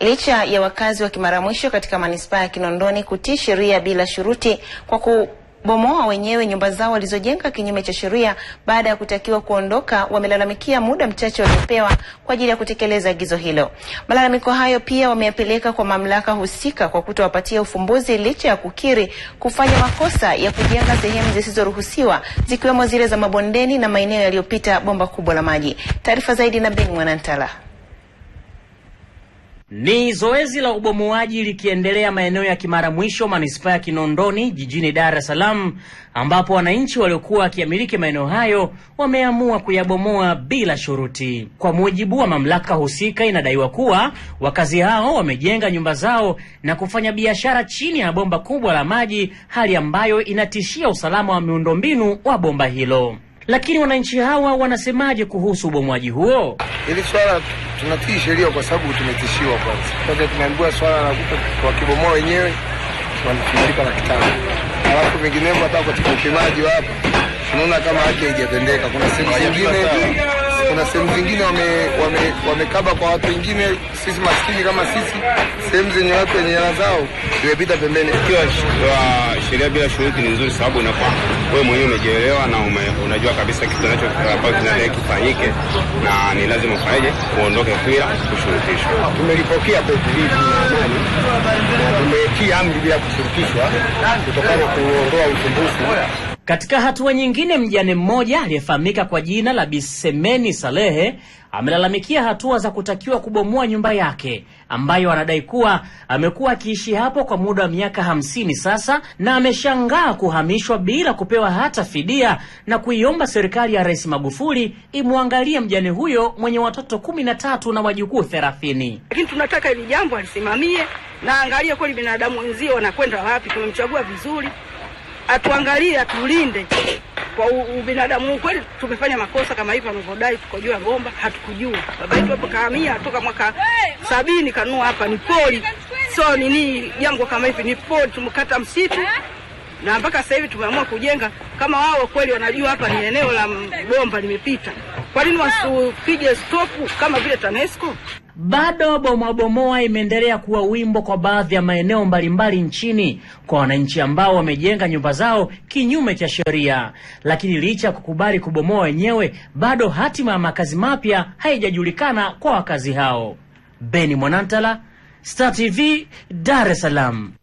Licha ya wakazi wa Kimaramwisho katika manispaa ya Kinondoni kutii sheria bila shuruti kwa kubomoa wenyewe nyumba zao walizojenga kinyume cha sheria baada ya kutakiwa kuondoka, wamelalamikia muda mchache waliopewa kwa ajili ya kutekeleza agizo hilo. Malalamiko hayo pia wameyapeleka kwa mamlaka husika kwa kutowapatia ufumbuzi licha ya kukiri kufanya makosa ya kujenga sehemu zisizoruhusiwa zikiwemo zile za mabondeni na maeneo yaliyopita bomba kubwa la maji. Taarifa zaidi na Ben Mwanantala. Ni zoezi la ubomoaji likiendelea maeneo ya Kimara Mwisho, manispaa ya Kinondoni, jijini Dar es Salaam, ambapo wananchi waliokuwa wakiamiliki maeneo hayo wameamua kuyabomoa bila shuruti. Kwa mujibu wa mamlaka husika, inadaiwa kuwa wakazi hao wamejenga nyumba zao na kufanya biashara chini ya bomba kubwa la maji, hali ambayo inatishia usalama wa miundombinu wa bomba hilo. Lakini wananchi hawa wanasemaje kuhusu ubomwaji huo? Hili swala tunatii sheria kwa sababu tumetishiwa kwanza, tunaambiwa swala la kibomoa wenyewe wanafika laki tano, alafu vinginevyo hata kwa kipimaji hapa tunaona kama haki haijatendeka. Kuna sehemu zingine kuna sehemu zingine wamekaba wame, wame kwa watu wengine, sisi maskini kama sisi, sehemu zenye watu wenye hela zao zimepita pembeni. Sheria bila shuruti ni nzuri, sababu inakuwa wewe mwenyewe umejielewa na ume, unajua kabisa kitu kinachotakiwa kifanyike na ni lazima ufanyeje, uondoke bila kushurutishwa. Tumelipokea kwa utulivu na na tumetii amri bila kushurutishwa kutokana kuondoa usumbufu katika hatua nyingine, mjane mmoja aliyefahamika kwa jina la Bisemeni Salehe amelalamikia hatua za kutakiwa kubomoa nyumba yake ambayo anadai kuwa amekuwa akiishi hapo kwa muda wa miaka hamsini sasa, na ameshangaa kuhamishwa bila kupewa hata fidia, na kuiomba serikali ya Rais Magufuli imwangalie mjane huyo mwenye watoto kumi na tatu na wajukuu thelathini. Lakini tunataka hili jambo alisimamie na angalie kweli binadamu wenzio wanakwenda wapi. Tumemchagua vizuri atuangalie, atulinde kwa ubinadamu kweli. Tumefanya makosa kama hivyo wanavyodai, tuko juu ya bomba, hatukujua. Baba yetu hapo kahamia toka mwaka sabini, kanua hapa ni poli, so nini jangwa kama hivi ni poli, tumekata msitu eh? na mpaka sasa hivi tumeamua kujenga. Kama wao kweli wanajua hapa ni eneo la bomba limepita kwa nini wasipige stopu kama vile TANESCO? Bado bomoabomoa imeendelea kuwa wimbo kwa baadhi ya maeneo mbalimbali nchini kwa wananchi ambao wamejenga nyumba zao kinyume cha sheria, lakini licha ya kukubali kubomoa wenyewe, bado hatima ya makazi mapya haijajulikana kwa wakazi hao. Beni Mwanantala, Star TV, Dar es Salaam.